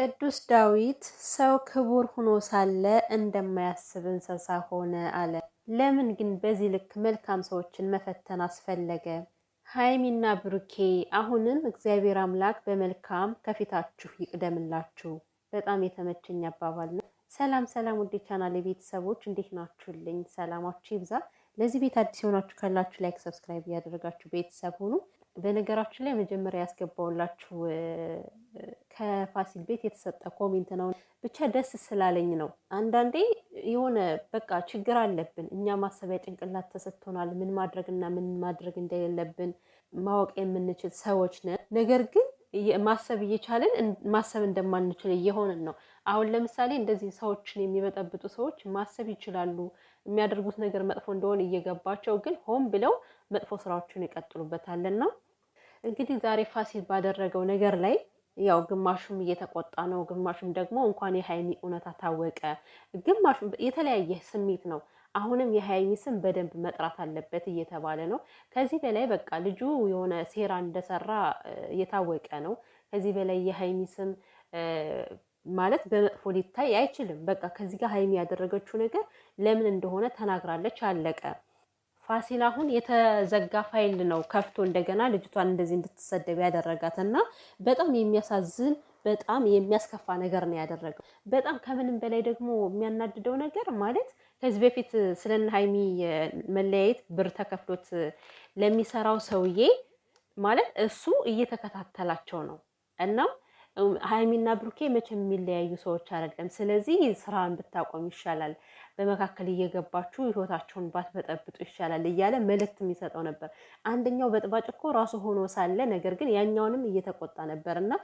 ቅዱስ ዳዊት ሰው ክቡር ሆኖ ሳለ እንደማያስብ እንስሳ ሆነ አለ። ለምን ግን በዚህ ልክ መልካም ሰዎችን መፈተን አስፈለገ? ሀይሚና ብሩኬ አሁንም እግዚአብሔር አምላክ በመልካም ከፊታችሁ ይቅደምላችሁ። በጣም የተመቸኝ አባባል ነው። ሰላም ሰላም፣ ውድ ቻናል የቤተሰቦች እንዴት ናችሁልኝ? ሰላማችሁ ይብዛ። ለዚህ ቤት አዲስ የሆናችሁ ካላችሁ ላይክ፣ ሰብስክራይብ እያደረጋችሁ ቤተሰብ ሁኑ። በነገራችን ላይ መጀመሪያ ያስገባውላችሁ ከፋሲል ቤት የተሰጠ ኮሜንት ነው። ብቻ ደስ ስላለኝ ነው። አንዳንዴ የሆነ በቃ ችግር አለብን እኛ ማሰቢያ ጭንቅላት ተሰጥቶናል። ምን ማድረግና ምን ማድረግ እንደሌለብን ማወቅ የምንችል ሰዎች ነን። ነገር ግን ማሰብ እየቻለን ማሰብ እንደማንችል እየሆንን ነው። አሁን ለምሳሌ እንደዚህ ሰዎችን የሚበጠብጡ ሰዎች ማሰብ ይችላሉ። የሚያደርጉት ነገር መጥፎ እንደሆነ እየገባቸው ግን ሆን ብለው መጥፎ ስራዎችን ነው። እንግዲህ ዛሬ ፋሲል ባደረገው ነገር ላይ ያው ግማሹም እየተቆጣ ነው፣ ግማሹም ደግሞ እንኳን የሀይሚ እውነታ ታወቀ፣ ግማሹም የተለያየ ስሜት ነው። አሁንም የሀይሚ ስም በደንብ መጥራት አለበት እየተባለ ነው። ከዚህ በላይ በቃ ልጁ የሆነ ሴራ እንደሰራ እየታወቀ ነው። ከዚህ በላይ የሀይሚ ስም ማለት በመጥፎ ሊታይ አይችልም። በቃ ከዚህ ጋር ሀይሚ ያደረገችው ነገር ለምን እንደሆነ ተናግራለች። አለቀ። ፋሲል አሁን የተዘጋ ፋይል ነው ከፍቶ እንደገና ልጅቷን እንደዚህ እንድትሰደብ ያደረጋት እና በጣም የሚያሳዝን በጣም የሚያስከፋ ነገር ነው ያደረገው። በጣም ከምንም በላይ ደግሞ የሚያናድደው ነገር ማለት ከዚህ በፊት ስለነ ሀይሚ መለያየት ብር ተከፍሎት ለሚሰራው ሰውዬ ማለት እሱ እየተከታተላቸው ነው እናም ሀይሚና ብሩኬ መቼ የሚለያዩ ሰዎች አይደለም። ስለዚህ ስራን ብታቆም ይሻላል፣ በመካከል እየገባችሁ ህይወታቸውን ባትበጠብጡ ይሻላል እያለ መልእክት የሚሰጠው ነበር። አንደኛው በጥባጭ እኮ ራሱ ሆኖ ሳለ ነገር ግን ያኛውንም እየተቆጣ ነበር። እና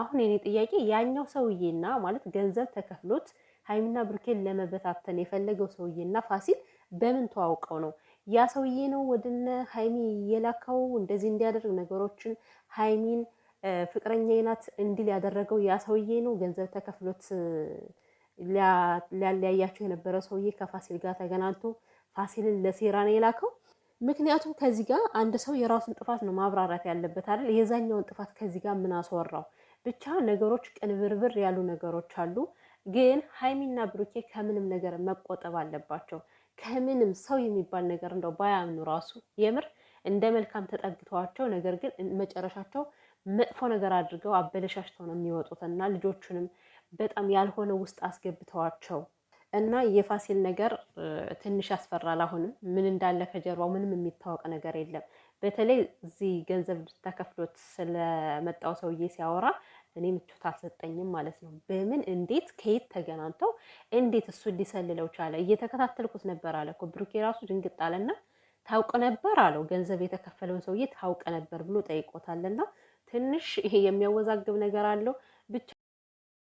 አሁን የኔ ጥያቄ ያኛው ሰውዬና ማለት ገንዘብ ተከፍሎት ሀይሚና ብሩኬን ለመበታተን የፈለገው ሰውዬና ፋሲል በምን ተዋውቀው ነው? ያ ሰውዬ ነው ወደነ ሀይሚ እየላካው እንደዚህ እንዲያደርግ ነገሮችን ሀይሚን ፍቅረኛዬ ናት እንዲል ያደረገው ያ ሰውዬ ነው? ገንዘብ ተከፍሎት ሊያለያያቸው የነበረ ሰውዬ ከፋሲል ጋር ተገናኝቶ ፋሲልን ለሴራ ነው የላከው? ምክንያቱም ከዚህ ጋር አንድ ሰው የራሱን ጥፋት ነው ማብራራት ያለበት አይደል? የዛኛውን ጥፋት ከዚህ ጋር ምን አስወራው? ብቻ ነገሮች ቅንብርብር ያሉ ነገሮች አሉ። ግን ሀይሚና ብሩኬ ከምንም ነገር መቆጠብ አለባቸው። ከምንም ሰው የሚባል ነገር እንደው ባያምኑ ራሱ የምር እንደ መልካም ተጠግተዋቸው፣ ነገር ግን መጨረሻቸው መጥፎ ነገር አድርገው አበለሻሽተው ነው የሚወጡት እና ልጆቹንም በጣም ያልሆነ ውስጥ አስገብተዋቸው እና የፋሲል ነገር ትንሽ ያስፈራል። አሁንም ምን እንዳለ ከጀርባው ምንም የሚታወቅ ነገር የለም። በተለይ እዚህ ገንዘብ ተከፍሎት ስለመጣው ሰውዬ ሲያወራ እኔ ምቾት አልሰጠኝም ማለት ነው። በምን እንዴት ከየት ተገናኝተው እንዴት እሱ ሊሰልለው ቻለ? እየተከታተልኩት ነበር አለ እኮ ብሩኬ። ራሱ ድንግጥ አለና ታውቅ ነበር አለው። ገንዘብ የተከፈለውን ሰውዬ ታውቅ ነበር ብሎ ጠይቆታልና ትንሽ የሚያወዛግብ ነገር አለው ብቻ